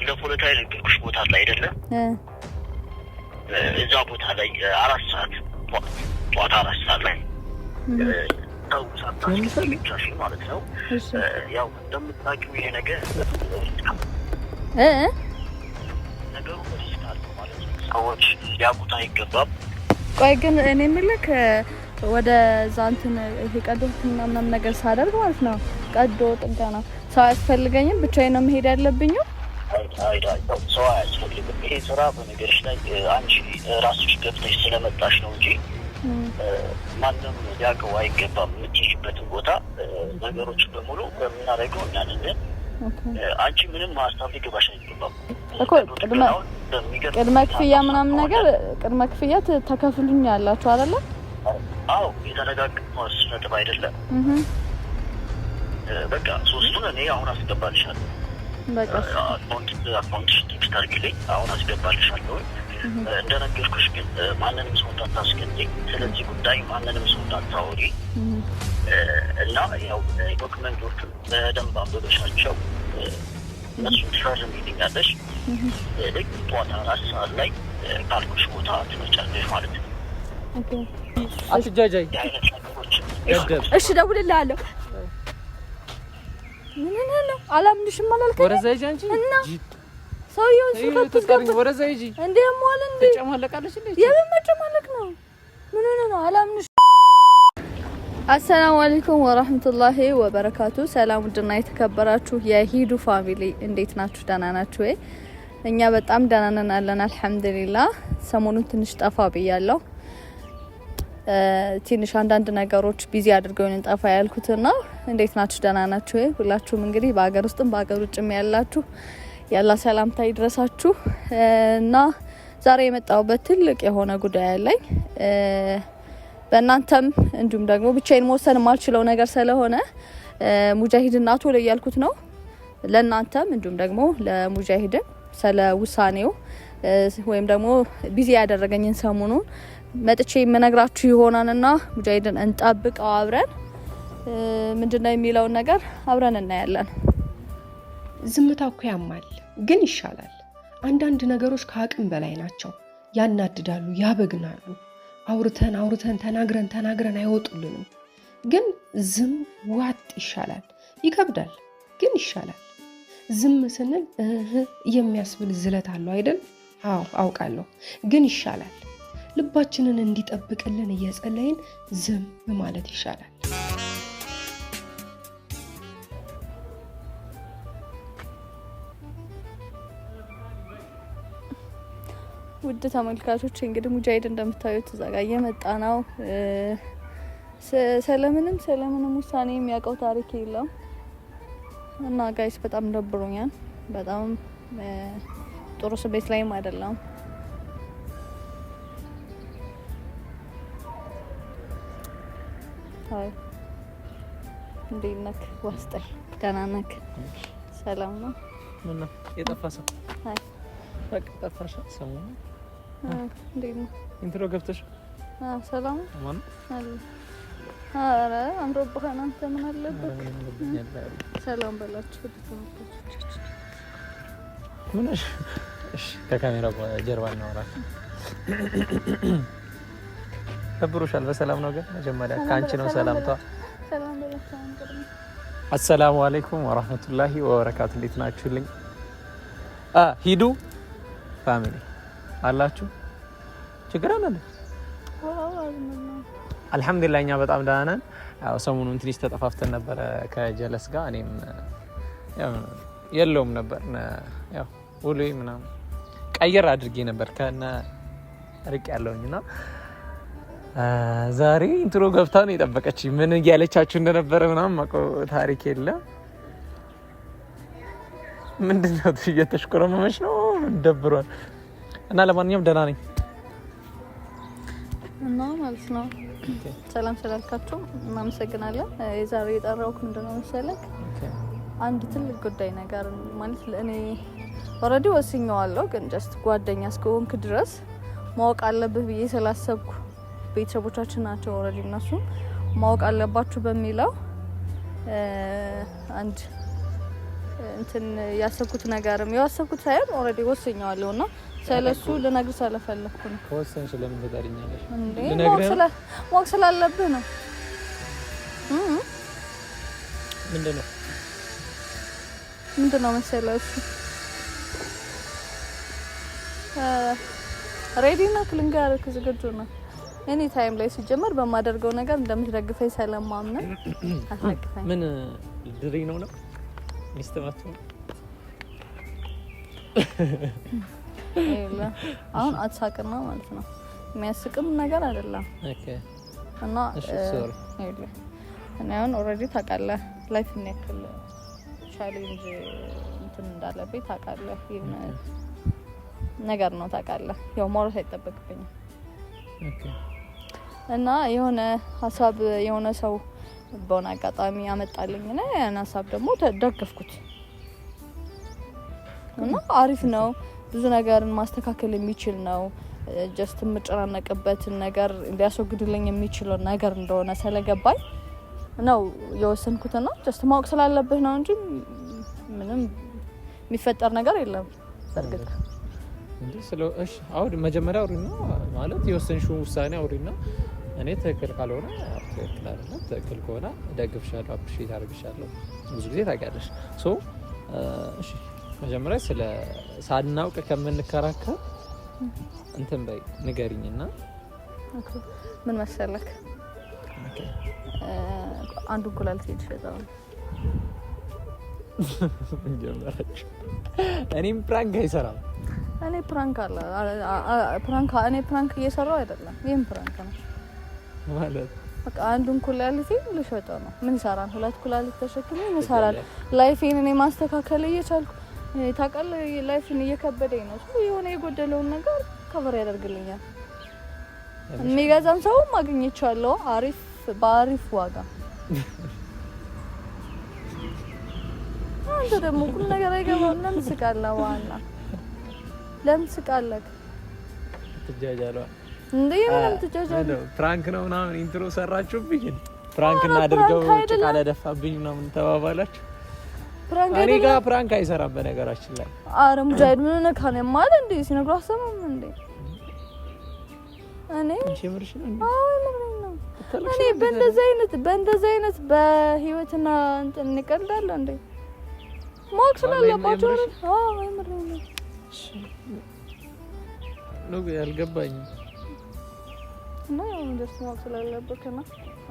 ባለፈው ዕለት የነገርኩሽ ቦታ ላይ አይደለም እዛ ቦታ ላይ አራት ሰዓት ጠዋት አራት ሰዓት ላይ ሰዎች ሊያውቁት አይገባም። ቆይ ግን እኔ የምልህ ወደ እዛ እንትን ይሄ ቀዶ ሕክምና ምናምን ነገር ሳደርግ ማለት ነው ቀዶ ጥገና ሰው አያስፈልገኝም ብቻዬን ነው መሄድ ያለብኝው አይዳው ሰው አያስፈልግም። ይሄ ስራ በነገርሽ ላይ አንቺ ራስሽ ገብተሽ ስለመጣሽ ነው እንጂ ማንም ሊያውቀው አይገባም። የምትሄጂበትን ቦታ ነገሮችን በሙሉ በምናደርገው እናንንን አንቺ ምንም አይገባም እኮ ቅድመ ክፍያ ምናምን ነገር ቅድመ ክፍያ ተከፍሉኝ ያላችሁ አይደለ? አዎ የተነጋገርነው ነጥብ አይደለም። በቃ ሶስቱን እኔ አሁን አስገባልሻለሁ አካውንት ዲጂት አድርጊልኝ፣ አሁን አስገባልሻለሁ። እንደነገርኩሽ ግን ማንንም ሰው እንዳታስገኝ፣ ስለዚህ ጉዳይ ማንንም ሰው እንዳታወሪ እና ያው ዶክመንቶቹ በደንብ አንብበሻቸው እነሱ ልክ ጠዋት አራት ሰዓት ላይ ካልኩሽ ቦታ ትመጫለሽ ማለት ነው። አትጃጃይ። እሺ፣ ደውልልሃለሁ ምን ነው አላምንሽም አላልከኝ? ወደዛ ሂጂ አንቺ እና ሰውዬውን ስከብት ገብቶ ወደዛ ሂጂ እንዴ ሞል እንዴ ተጨማለቃለሽ እንዴ? የምን መጨማለቅ ነው? ምን ነው ነው አላምንሽ። አሰላሙ አለይኩም ወራህመቱላሂ ወበረካቱ። ሰላም ውድና የተከበራችሁ የሂዱ ፋሚሊ እንዴት ናችሁ? ደህና ናችሁ ወይ? እኛ በጣም ደህና ነን አለን አልሐምዱሊላህ። ሰሞኑን ትንሽ ጠፋ ብያለሁ ትንሽ አንዳንድ ነገሮች ቢዚ አድርገው እንጠፋ ያልኩትና እንዴት ናችሁ? ደህና ናችሁ? ሁላችሁም እንግዲህ በሀገር ውስጥም በሀገር ውጭም ያላችሁ ያላ ሰላምታ ይድረሳችሁ እና ዛሬ የመጣሁበት ትልቅ የሆነ ጉዳይ አለኝ። በእናንተም እንዲሁም ደግሞ ብቻዬን መወሰን የማልችለው ነገር ስለሆነ ሙጃሂድና ቶሎ እያልኩት ነው። ለእናንተም እንዲሁም ደግሞ ለሙጃሂድን ስለ ውሳኔው ወይም ደግሞ ቢዚ ያደረገኝን ሰሞኑን መጥቼ የምነግራችሁ ይሆናልና ሙጃሂድን እንጠብቀው። አብረን ምንድነው የሚለውን ነገር አብረን እናያለን። ዝምታ እኮ ያማል፣ ግን ይሻላል። አንዳንድ ነገሮች ከአቅም በላይ ናቸው። ያናድዳሉ፣ ያበግናሉ። አውርተን አውርተን ተናግረን ተናግረን አይወጡልንም። ግን ዝም ዋጥ ይሻላል። ይከብዳል፣ ግን ይሻላል። ዝም ስንል እህ የሚያስብል ዝለት አለው አይደል? አዎ አውቃለሁ፣ ግን ይሻላል። ልባችንን እንዲጠብቅልን እየጸለይን ዝም ማለት ይሻላል። ውድ ተመልካቾች እንግዲህ ሙጃሂድ እንደምታዩት እዛ ጋር እየመጣ ነው። ስለምንም ስለምንም ውሳኔ የሚያውቀው ታሪክ የለም እና ጋይስ በጣም ደብሮኛል። በጣም ጥሩ ስሜት ላይም አይደለም። ዋስጠኝ ደህና ነህ? ሰላም ነው። ምነው የጠፋ ሰው በቃ ጠፋሽ። ሰሞኑን እንዴት ነው? ኢንትሮ ገብተሽ ሰላም ኧረ አምሮብሃል። አንተ ምን አለበት? ሰላም በላችሁ ከካሜራ ጀርባ እናወራለን። ከብሩሻል። በሰላም ነው ግን መጀመሪያ ከአንቺ ነው ሰላምቷ። አሰላሙ አለይኩም ወራህመቱላሂ ወበረካቱ። እንዴት ናችሁልኝ? ሂዱ ፋሚሊ አላችሁ ችግር አለ? አልሐምዱሊላህ እኛ በጣም ደህና ነን። ሰሞኑን ትንሽ ተጠፋፍተን ነበረ ከጀለስ ጋር እኔም የለውም ነበር ያው ምናምን ቀየር አድርጌ ነበር ከነ ርቅ ያለውኝና ዛሬ ኢንትሮ ገብታ ነው የጠበቀች። ምን እያለቻችሁ እንደነበረ ምናምን ማቆ ታሪክ የለም። ምንድን ነው እየተሽኮረመመች ነው? ደብሯል። እና ለማንኛውም ደህና ነኝ እና ማለት ነው ሰላም ስላልካችሁ እናመሰግናለን። የዛሬ የጠራሁት ምንድነው መሰለክ አንድ ትልቅ ጉዳይ ነገር ማለት ለእኔ ኦልሬዲ ወስኜዋለሁ፣ ግን ጀስት ጓደኛ እስከሆንክ ድረስ ማወቅ አለብህ ብዬ ስላሰብኩ ቤተሰቦቻችን ናቸው። ኦልሬዲ እነሱም ማወቅ አለባችሁ በሚለው አንድ እንትን ያሰብኩት ነገርም ያሰብኩት ሳይሆን ኦልሬዲ ወስኛዋለሁ እና ስለሱ ልነግርህ ስለፈለግኩ ነው። ከወሰንሽ ለምን ትጠሪኛለሽ? ማወቅ ስላለብህ ነው። ምንድን ነው ምንድን ነው መሰለህ እሱ ሬዲ ነህ? ልንገርህ ዝግጁ ነው ኤኒ ታይም ላይ ሲጀመር በማደርገው ነገር እንደምትደግፈኝ ስለማምነው አትደግፈኝ። ምን ድሪ ነው ነው ሚስትማት አሁን አትሳቅና ማለት ነው። የሚያስቅም ነገር አይደለም እና እኔ አሁን ኦልሬዲ ታውቃለህ፣ ላይፍ ምን ያክል ቻሌንጅ እንትን እንዳለብኝ ታውቃለህ። የሆነ ነገር ነው ታውቃለህ። ያው ማውራት አይጠበቅብኝም። እና የሆነ ሀሳብ የሆነ ሰው በሆነ አጋጣሚ ያመጣልኝ እና ያን ሀሳብ ደግሞ ደገፍኩት እና አሪፍ ነው። ብዙ ነገርን ማስተካከል የሚችል ነው። ጀስት የምጨናነቅበትን ነገር ሊያስወግድልኝ የሚችለው ነገር እንደሆነ ስለገባኝ ነው የወሰንኩትና ጀስት ማወቅ ስላለብህ ነው እንጂ ምንም የሚፈጠር ነገር የለም በእርግጥ አውሪ መጀመሪያ አውሪና ማለት የወሰንሽውን ውሳኔ አውሪና እኔ ትክክል ካልሆነ ትክክል አይደለም፣ ትክክል ከሆነ ደግፍሻለሁ፣ አፕሪሼት አድርግሻለሁ። ብዙ ጊዜ ታውቂያለሽ። መጀመሪያ ስለ ሳናውቅ ከምንከራከር እንትን በይ ንገሪኝና ምን መሰለክ አንዱ ኩላል ሴት ይሸጠዋል ጀመራቸው። እኔም ፕራንክ አይሰራም እኔ ፕራንክ አለ ፕራንክ እኔ ፕራንክ እየሰራው አይደለም። ይህም ፕራንክ ነው ማለት በቃ አንዱን ኩላሊቴ ልሸጠ ነው። ምን ይሰራል? ሁለት ኩላሊት ተሸክሜ ምን ይሰራል? ላይፌን እኔ ማስተካከል እየቻልኩ ታውቃለህ፣ ላይፍን እየከበደኝ ነው። ሰው የሆነ የጎደለውን ነገር ከበር ያደርግልኛል። የሚገዛም ሰው ማግኘቻለሁ፣ አሪፍ በአሪፍ ዋጋ። አንተ ደግሞ ሁሉ ነገር አይገባም። ለምን ስቃለህ? ዋና ለምን ትስቃለህ? ትጃጃለህ እንዴ? ምንም ትጃጃለህ? ፕራንክ ነው ምናምን ኢንትሮ ሰራችሁብኝ። ፕራንክ እናድርገው ጭቃ ለደፋብኝ ምናምን ተባባላችሁ። ፕራንክ እኔ ጋር ፕራንክ አይሰራም በነገራችን ላይ። አረ ሙጃሂድ ምን ነካ ነው ማለት እንዴ? ሲነግሩ አሰማም እንዴ? እኔ ሸምርሽ ነው እኔ በእንደዚህ አይነት በእንደዚህ አይነት በህይወትና እንቀልዳለን እንዴ? ማወቅ ስላለባቸው አይምር ነው ነው ያልገባኝም እና ደስ ማል ስላለበት ና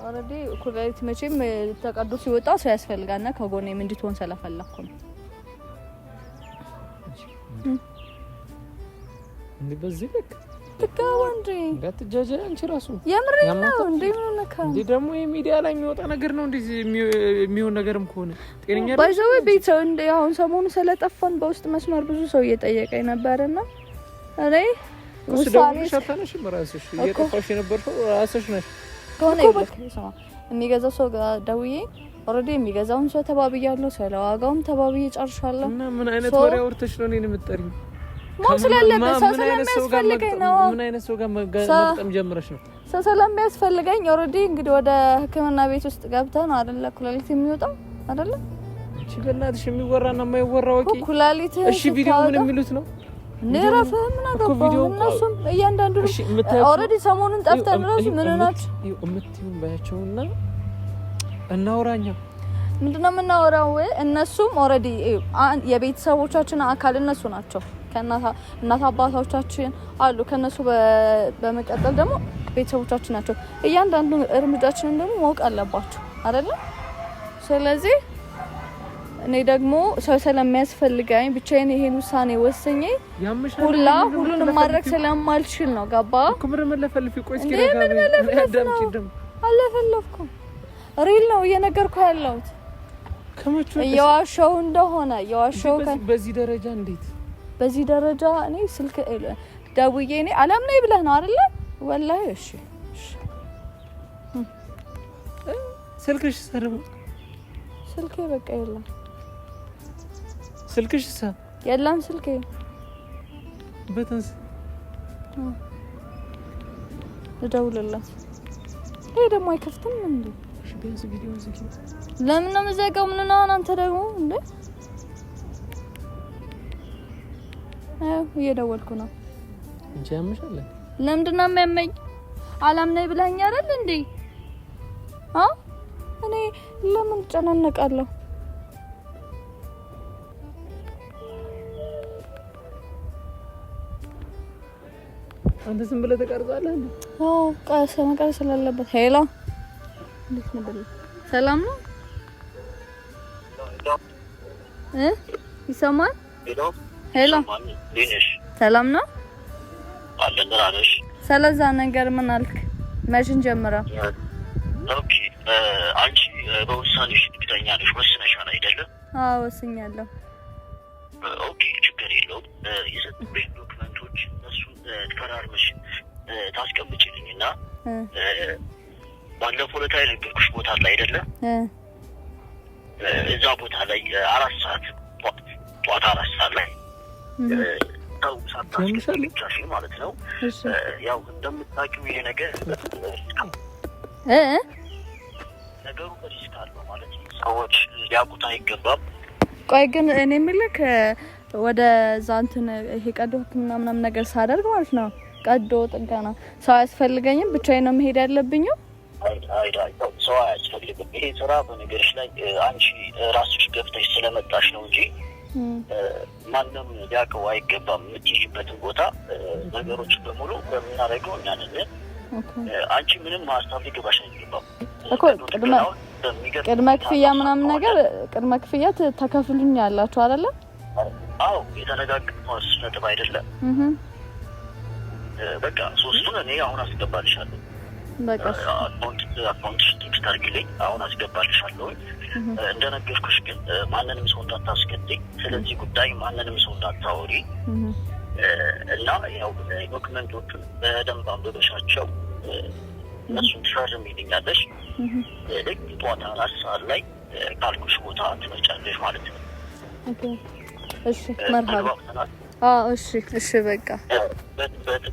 ኦልሬዲ ኩላሊት መቼም ተቀዶ ሲወጣ ሰው ያስፈልጋል። እና ከጎኔም እንድትሆን ስለፈለኩ ነው። በዚህ ልክ አትጋባ እንዴ እንዳትጃጃ። አንቺ ራሱ የምር ነው እንዴ? ምን ነካ እንዴ? ደግሞ የሚዲያ ላይ የሚወጣ ነገር ነው እንዴ? የሚሆን ነገርም ከሆነ ጤነኛ ባይዘው ቤት ሰው እንደ አሁን ሰሞኑ ስለጠፋን በውስጥ መስመር ብዙ ሰው እየጠየቀኝ ነበርና እኔ ውሳኔ ሸፈነሽ ራስሽ እየጠፋሽ የነበርሽው ራስሽ ነሽ ከሆነ የሚገዛው ሰው ጋር ደውዬ ኦልሬዲ የሚገዛውን ሰው ተባብያለሁ። ስለ ዋጋውም ተባብዬ ጨርሻለሁ። እና ምን አይነት ወሬ አውርተሽ ነው እኔን የምትጠሪኝ? ሞት ስላለበት ሰው ስለሚያስፈልገኝ ነው። ምን አይነት ሰው ጋር መግጠም ጀምረሽ ነው? ሰው ስለሚያስፈልገኝ ኦልሬዲ እንግዲህ ወደ ሕክምና ቤት ውስጥ ገብተህ ነው አይደለ? ኩላሊት የሚወጣው አይደለ? እሺ፣ በእናትሽ የሚወራ እና የማይወራ ወቂ ኩላሊት። እሺ ቪዲዮ ምን የሚሉት ነው? ንረፍ ምን አገባ እነሱም እያንዳንዱ ኦልሬዲ ሰሞኑን ጠፍተን ራሱ ምን ናቸው የምትዩን ባያቸውና እናውራኛ ምንድነው የምናወራው? እነሱም ኦልሬዲ የቤተሰቦቻችን አካል እነሱ ናቸው። ከእናት አባቶቻችን አሉ። ከነሱ በመቀጠል ደግሞ ቤተሰቦቻችን ናቸው። እያንዳንዱ እርምጃችንን ደግሞ ማወቅ አለባቸው አይደለም። ስለዚህ እኔ ደግሞ ሰው ስለሚያስፈልጋኝ ብቻዬን ይሄን ውሳኔ ወሰኜ ሁላ ሁሉንም ማድረግ ስለማልችል ነው። ገባ ምን መለፈልፍ አለፈለፍኩም ሪል ነው እየነገርኩ ያለሁት እየዋሸው እንደሆነ እየዋሸው በዚህ ደረጃ እንዴት በዚህ ደረጃ እኔ ስልክ ደውዬ እኔ አለም ነኝ ብለህ ነው አይደለ? ወላሂ እሺ፣ ስልክሽ ሰርም ስልኬ በቃ የለም። ስልክሽ ሰ የለም ስልኬ በተንስ ልደውልላት። ይሄ ደግሞ አይከፍትም እንዴ? ለምን ነው መዘጋው? ምን ነው አንተ ደግሞ እንዴ እየደወልኩ ነው እንጂ ያምሻል። ለምንድን ነው የሚያመኝ? አላምነኝ ብለኸኝ አይደል እንዴ? አ እኔ ለምን ጨናነቃለሁ? አንተ ዝም ብለህ ተቀርጻለህ። አዎ ቀስ መቀረጽ ስላለበት። ሄሎ፣ እንዴት ነበር? ሰላም ነው እ ይሰማል ሄሎ፣ ሰላም ነው? ስለዛ ነገር ምን አልክ? መሽን ጀምራ ኦኬ። አንቺ በውሳኔሽ እርግጠኛ ነሽ? ወስነሻል አይደለም? አዎ ወስኛለሁ። ኦኬ፣ ችግር የለውም። የሰጡብኝ ዶክመንቶች እነሱን ተፈራርመሽ ታስቀምጪልኝ እና ባለፈው ለታ የነገርኩሽ ቦታ ላይ አይደለም? እዛ ቦታ ላይ አራት ሰዓት ጠዋት አራት ሰዓት ላይ ሰዎች ሊያውቁት አይገባም። ቆይ ግን እኔ የምልህ ወደ ይሄ ቀዶ ሕክምና ምናምን ነገር ሳደርግ ማለት ነው ቀዶ ጥገና ሰው አያስፈልገኝም፣ ብቻዬን ነው መሄድ ያለብኝም። ሰው አያስፈልግም። ይሄ ስራ ላይ አንቺ ራስሽ ገብተሽ ስለመጣሽ ነው እንጂ ማንም ሊያውቀው አይገባም። የምትይዥበትን ቦታ ነገሮች በሙሉ በምናደርገው እኛንለን አንቺ ምንም ሀሳብ ሊገባሽ አይገባም እኮ ቅድመ ክፍያ ምናምን ነገር ቅድመ ክፍያ ተከፍሉኝ ያላችሁ አይደለም? አዎ የተነጋገርነው ነጥብ አይደለም። በቃ ሶስቱን እኔ አሁን አስገባልሻለሁ አካውንት አድርጊልኝ፣ አሁን አስገባልሻለሁ። እንደነገርኩሽ ግን ማንንም ሰው እንዳታስገድኝ፣ ስለዚህ ጉዳይ ማንንም ሰው እንዳታወሪ እና ያው ዶክመንቶቹን በደንብ አንብበሻቸው እነሱን ልክ ጠዋት አራት ሰዓት ላይ ካልኩሽ ቦታ ትመጫለሽ ማለት ነው። እሺ እሺ እሺ በቃ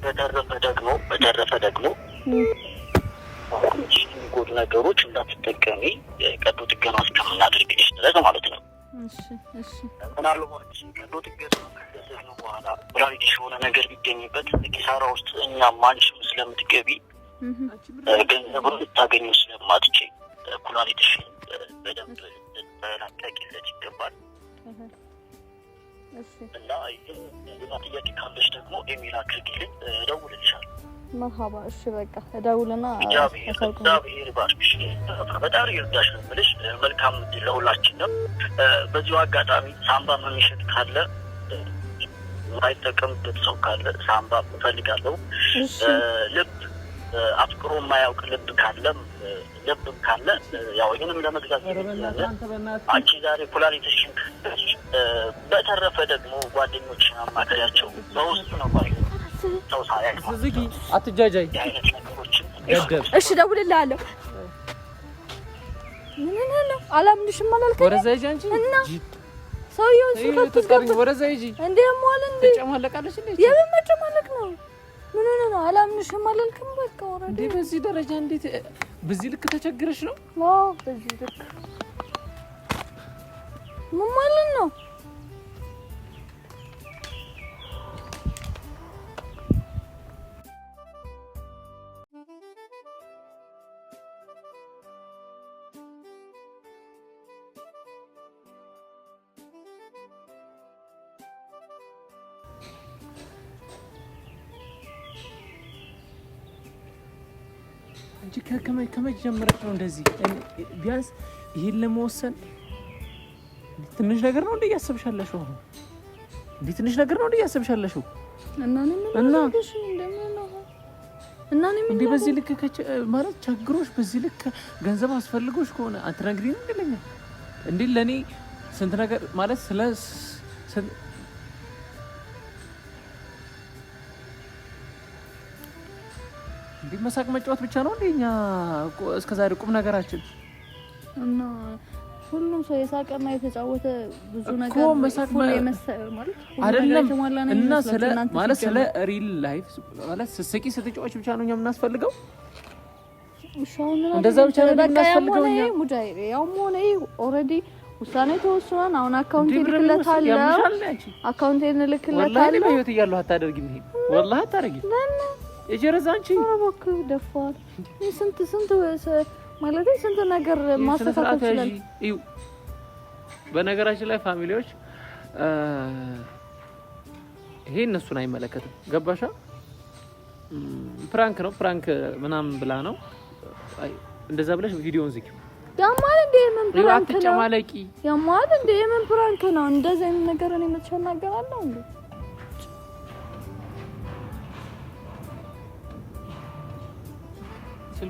በተረፈ ደግሞ በተረፈ ደግሞ የሚጎዱ ነገሮች እንዳትጠቀሚ ቀዶ ጥገና እስከምናደርግልሽ ድረስ ማለት ነው። ምናልባት ቀዶ ጥገና በኋላ ብራይዲሽ የሆነ ነገር ቢገኝበት ኪሳራ ውስጥ እኛ አንቺም ስለምትገቢ ገንዘቡን ልታገኙ ስለማትችል ኩላሊትሽ በደንብ ልታቂለት ይገባል እና ይህ ጥያቄ ካለሽ ደግሞ ኢሜል አድርጊልኝ፣ እደውልልሻለሁ። መርሃባ። እሺ በቃ እደውልና እግዚአብሔር ይባርክሽ፣ ፈጣሪ ይርዳሽ ነው የምልሽ። መልካም ለሁላችን ነው። በዚሁ አጋጣሚ ሳምባ መሚሸት ካለ የማይጠቀምበት ሰው ካለ ሳምባ እፈልጋለሁ። ልብ አፍቅሮ የማያውቅ ልብ ካለም ልብም ካለ ያው ይህንም ለመግዛት አንቺ ዛሬ ኩላሊትሽን በተረፈ ደግሞ ጓደኞችን አማከሪያቸው በውስጡ ነው ባይ ዝጊ፣ አትጃጃይ። እሺ እደውልልሃለሁ። ምን ነው አላምንሽም አላልከኝ? መጨማለቅ ነው? ምን ሆነህ ነው? አላምንሽም አላልክም? በቃ ወረደ። በዚህ ደረጃ እንዴት በዚህ ልክ ተቸግረሽ ነው? አዎ በዚህ ልክ ምን ማለት ነው? እንጂ ከመች ጀምረህ ነው እንደዚህ? ቢያንስ ይሄን ለመወሰን ትንሽ ነገር ነው እንደ እያሰብሻለሽው አሁን እንደ ትንሽ ነገር ነው እንደ እያሰብሻለሽው እና እና እንደ በዚህ ልክ ማለት ቸግሮሽ በዚህ ልክ ገንዘብ አስፈልጎሽ ከሆነ አትነግሪኝ እንድለኛ እንዴ ለእኔ ስንት ነገር ማለት ስለ መሳቅ መጫወት ብቻ ነው እንዴ እኛ እስከዛሬ ቁም ነገራችን እና ሁሉም ሰው የሳቀና የተጫወተ ብዙ ነገር እና ማለት ስለ ሪል ላይፍ ማለት ስትስቂ ስትጫወች ብቻ ነው እኛ የምናስፈልገው። እንደዛ ብቻ ነው የምናስፈልገው። ያውም ሆነ ኦልሬዲ ውሳኔ ተወስኗል። አሁን አካውንቴ አካውንት እንልክለታለሁ። አካውንት እንልክለታለሁ። ህይወት እያለሁ አታደርጊም። ይሄ ወላሂ አታደርጊም። የጀረዛ አንቺ ደፋር ደፋል። ስንት ስንት ማለት ስንት ነገር ማስተካከል ይችላል። በነገራችን ላይ ፋሚሊዎች ይሄ እነሱን አይመለከትም። ገባሻ? ፕራንክ ነው ፕራንክ ምናምን ብላ ነው እንደዛ ብለሽ ቪዲዮውን ዝጊ። ያማል እንደ የምን ፕራንክ ነው? አትጨማለቂ። ያማል እንደ የምን ፕራንክ ነው? እንደዛ አይነት ነገር እኔ መቼ እናገራለሁ እንዴ?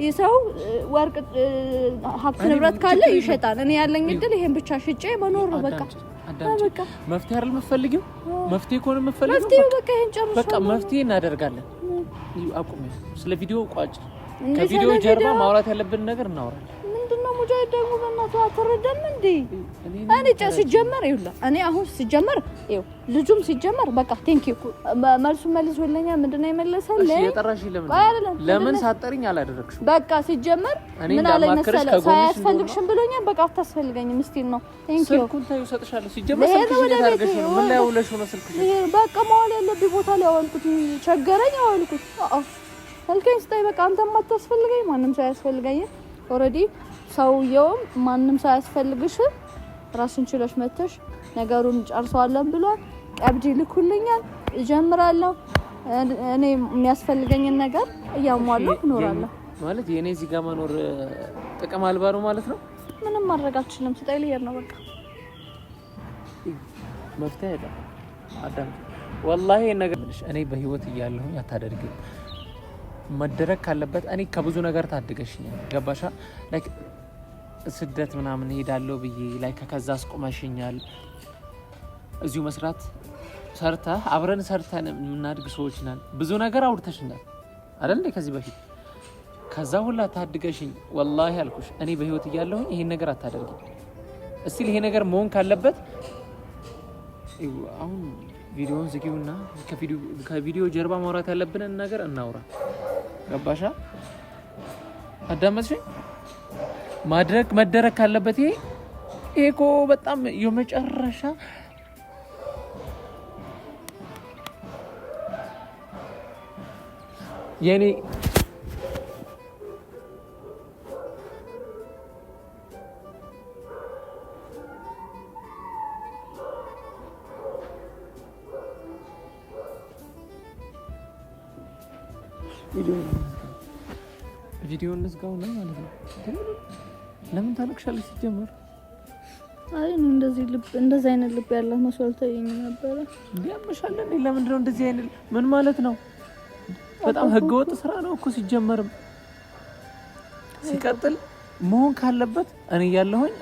ይህ ሰው ወርቅ ሀብት ንብረት ካለ ይሸጣል። እኔ ያለኝ እድል ይሄን ብቻ ሽጬ መኖር ነው። በቃ መፍትሄ አይደል የምትፈልጊው? መፍትሄ ከሆነ የምትፈልጊው መፍትሄው በቃ ይሄን ጨርሶ በቃ መፍትሄ እናደርጋለን። አቁም፣ ስለ ቪዲዮ ቋጭ። ከቪዲዮ ጀርባ ማውራት ያለብን ነገር እናወራለን። ምንድን ነው ሙጃሂድ ደግሞ በእናትህ አትረዳም እንዴ? እኔ ሲጀመር ይውላ እኔ አሁን ሲጀመር ይው ልጁም ሲጀመር በቃ ቴንክ ዩ መልሱ መልስ ወለኛ ምንድነው የመለሰልኝ? ለምን ሳጠሪኝ አላደረግሽ? በቃ ሲጀመር ምን አለ መሰለ ሳያስፈልግሽም ብሎኛል። በቃ አታስፈልገኝ ምስቲን ነው። ቴንክ በቃ መዋል ያለብኝ ቦታ ላይ አዋልኩት። ቸገረኝ አዋልኩት። ስልከኝ ስታይ በቃ አንተም አታስፈልገኝ፣ ማንም ሳያስፈልገኝ ኦልሬዲ ሰውየውም ማንም ሳያስፈልግሽም ራስን ችሎች መተሽ ነገሩን ጨርሰዋለን ብሏል። ቀብድ ይልኩልኛል፣ እጀምራለሁ። እኔ የሚያስፈልገኝን ነገር እያሟለሁ እኖራለሁ። ማለት የእኔ እዚህ ጋር መኖር ጥቅም አልባ ነው ማለት ነው። ምንም ማድረግ አልችልም። ስጠይ ልሄድ ነው በቃ። መፍትሄ አይደለም አዳም ወላሂ ነገር እኔ በህይወት እያለሁኝ አታደርግም። መደረግ ካለበት እኔ ከብዙ ነገር ታድገሽኛል። ገባሻ ላይክ ስደት ምናምን እሄዳለሁ ብዬ ላይ ከከዛ አስቆመሽኛል። እዚሁ መስራት ሰርተ አብረን ሰርተን የምናድግ ሰዎች ነን። ብዙ ነገር አውርተሽናል አይደል ከዚህ በፊት ከዛ ሁላ ታድገሽኝ። ወላሂ አልኩሽ እኔ በህይወት እያለሁኝ ይሄን ነገር አታደርጊም። እስቲ ይሄ ነገር መሆን ካለበት አሁን ቪዲዮን ዝጊውና ከቪዲዮ ጀርባ ማውራት ያለብንን ነገር እናውራ። ገባሻ? አዳመጥሽኝ? ማድረግ መደረግ ካለበት ይሄ ይሄ እኮ በጣም የመጨረሻ የኔ ቪዲዮ እንዝጋው ነው ማለት ነው። ለምን ታለቅሻለሽ? ሲጀምር አይ እንደዚህ ልብ እንደዚህ አይነት ልብ ያላት መስዋዕት ታየኝ ነበረ። ያምሻለ እንዴ? ለምንድን ነው እንደዚህ አይነት ምን ማለት ነው? በጣም ህገወጥ ስራ ነው እኮ ሲጀመርም፣ ሲቀጥል መሆን ካለበት እኔ ያለሁኝ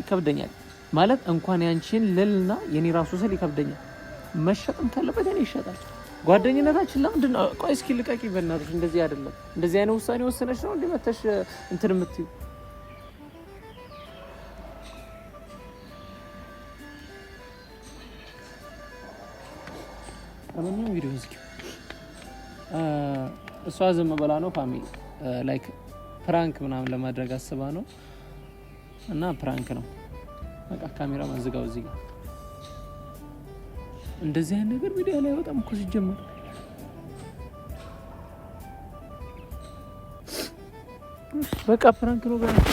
ይከብደኛል ማለት እንኳን ያንቺን ልልና የኔ ራሱ ስል ይከብደኛል። መሸጥም ካለበት እኔ ይሸጣል። ጓደኝነታችን ለምንድን ነው? ቆይ እስኪ ልቀቂ በእናትሽ። እንደዚህ አይደለም። እንደዚህ አይነት ውሳኔ ወሰነች ነው እንዲመተሽ እንትን የምትይው ምንም ቪዲዮ እሷ ዝም ብላ ነው ፋሚሊ ላይክ ፕራንክ ምናምን ለማድረግ አስባ ነው እና ፕራንክ ነው በቃ ካሜራ ማዝጋው እዚህ ጋር እንደዚህ አይነት ነገር ሚዲያ ላይ በጣም እኮ ሲጀመር በቃ ፕራንክ ነው። በጣም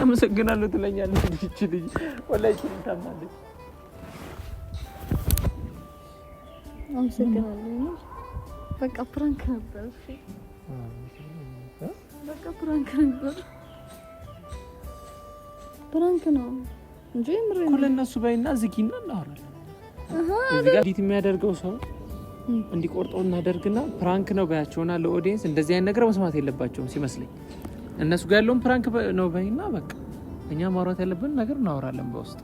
ያመሰግናለሁ ትለኛለች ልጅ ወላሂ ታማለች። አመሰግናለሁ። በቃ ፕራንክ ነበር። በቃ ፕራንክ ነበር። ፕራንክ ነው እንጂ ምሬ ነው። ለነሱ ባይና ዝጊና እናወራለን። እንዴት የሚያደርገው ሰው እንዲቆርጠው እናደርግና ፕራንክ ነው በያቸውና ለኦዲየንስ እንደዚህ አይነት ነገር መስማት የለባቸውም ሲመስለኝ። እነሱ ጋር ያለውን ፕራንክ ነው ባይና በቃ እኛ ማውራት ያለብን ነገር እናወራለን በውስጥ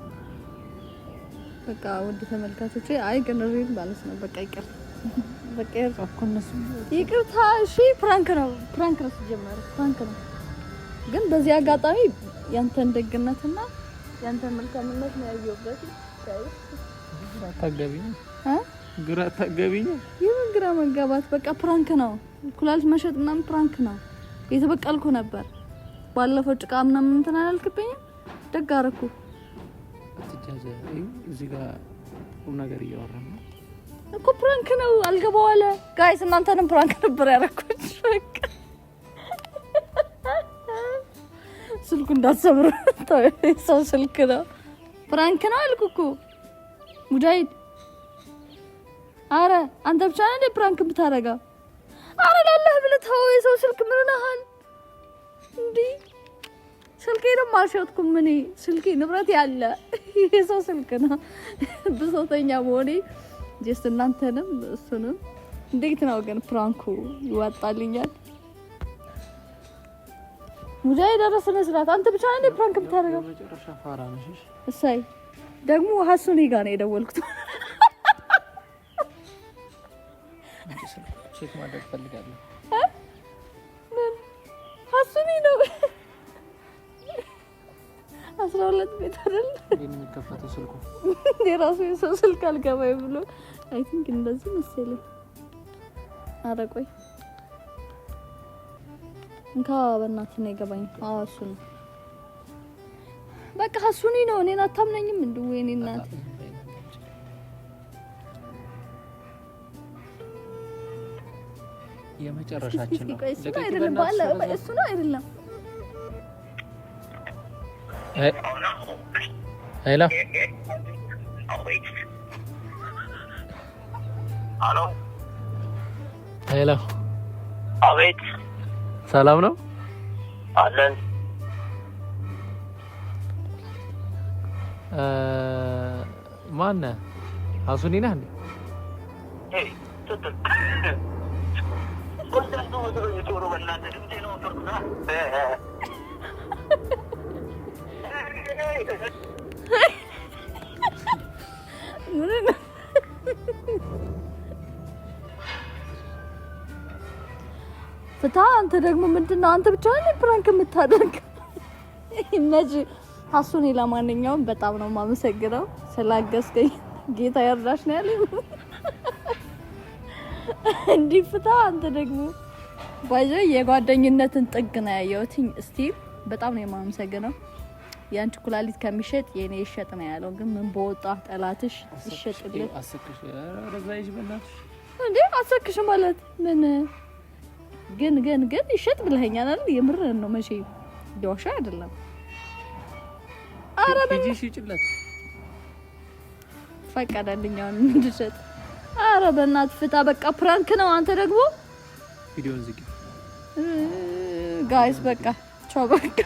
በቃ ውድ ተመልካቾቼ፣ አይ ግን ሪል ማለት ነው። በቃ ይቅር በቃ ይቅርታ። እሺ ፕራንክ ነው፣ ፕራንክ ነው፣ ሲጀመር ፕራንክ ነው። ግን በዚህ አጋጣሚ ያንተን ደግነትና ያንተን መልካምነት ነው ያየሁበት። ታገቢኝ ግራ ታገቢኝ ይሁን ግራ መጋባት በቃ ፕራንክ ነው። ኩላሊት መሸጥ ምናምን ፕራንክ ነው። የተበቀልኩ ነበር ባለፈው ጭቃ ምናምን እንትን አላልክብኝም? ደግ አደረኩ። እዚህ ጋር ቁም ነገር እያወራ ነው እኮ። ፕራንክ ነው አልገባው አለ። ጋይስ እናንተንም ፕራንክ ነበር ያደረኩት። ስልኩ እንዳትሰብሩ ሰው ስልክ ነው ፕራንክ ነው አልኩ እኮ ሙጃሂድ። አረ አንተ ብቻ ነህ ፕራንክ ብታረጋ። አረ ላለህ ብለህ ተወው። የሰው ስልክ ምን ሆነሃል እንዲህ ስልኬንም አልሸጥኩም። እኔ ስልኬ ንብረት ያለ የሰው ስልክ ነው። ብሶተኛ መሆኔ ጀስት እናንተንም እሱንም። እንዴት ነው ግን ፕራንኩ ይዋጣልኛል? ሙጃሂድ ኧረ መስራት አንተ ብቻ ነህ ፕራንክ የምታደርገው። እሰይ ደግሞ ሀሱን ጋር ነው የደወልኩት። ቼክ ማድረግ ፈልጋለሁ አስራ ሁለት ቤት አይደል የሚከፈተው ስልኩ የራሱ የሰው ስልክ አልገባኝ ብሎ አይ ቲንክ እንደዚህ መሰለኝ። ኧረ ቆይ እንካ በእናትህ ነው የገባኝ። አዎ እሱ ነው በቃ እሱኒ ነው። እኔን አታምነኝም እንዴ? ወይኔ እናት የመጨረሻችን ነው። እሱ አይደለም ሄሎ ሄሎ ሄሎ። አቤት። ሰላም ነው አለን። ማነህ? አሱኒ ነህ እንዴ? ፍታ አንተ ደግሞ ምንድነው? አንተ ብቻ ነህ ፕራንክ የምታደርግ እነዚህ ሀሱን። ለማንኛውም በጣም ነው የማመሰግነው ስላገዝከኝ፣ ጌታ ይርዳሽ ነው ያለኝ። እንዲህ ፍታ አንተ ደግሞ ባይዘ የጓደኝነትን ጥግ ነው ያየሁት። እስቲ በጣም ነው የማመሰግነው። ያንቺ ኩላሊት ከሚሸጥ የኔ ይሸጥ ነው ያለው። ግን ምን በወጣ ጠላትሽ ይሸጥልእንዴ አሰክሽ ማለት ምን? ግን ግን ግን ይሸጥ ብለኸኛል አይደል? የምርህን ነው መቼ ዶሻ አይደለም። አረ ምን ይሽጭለት ፈቀደልኝ እንድሸጥ። አረ በእናት ፍታ፣ በቃ ፕራንክ ነው። አንተ ደግሞ ቪዲዮን ዝጊ። ጋይስ በቃ ቻው በቃ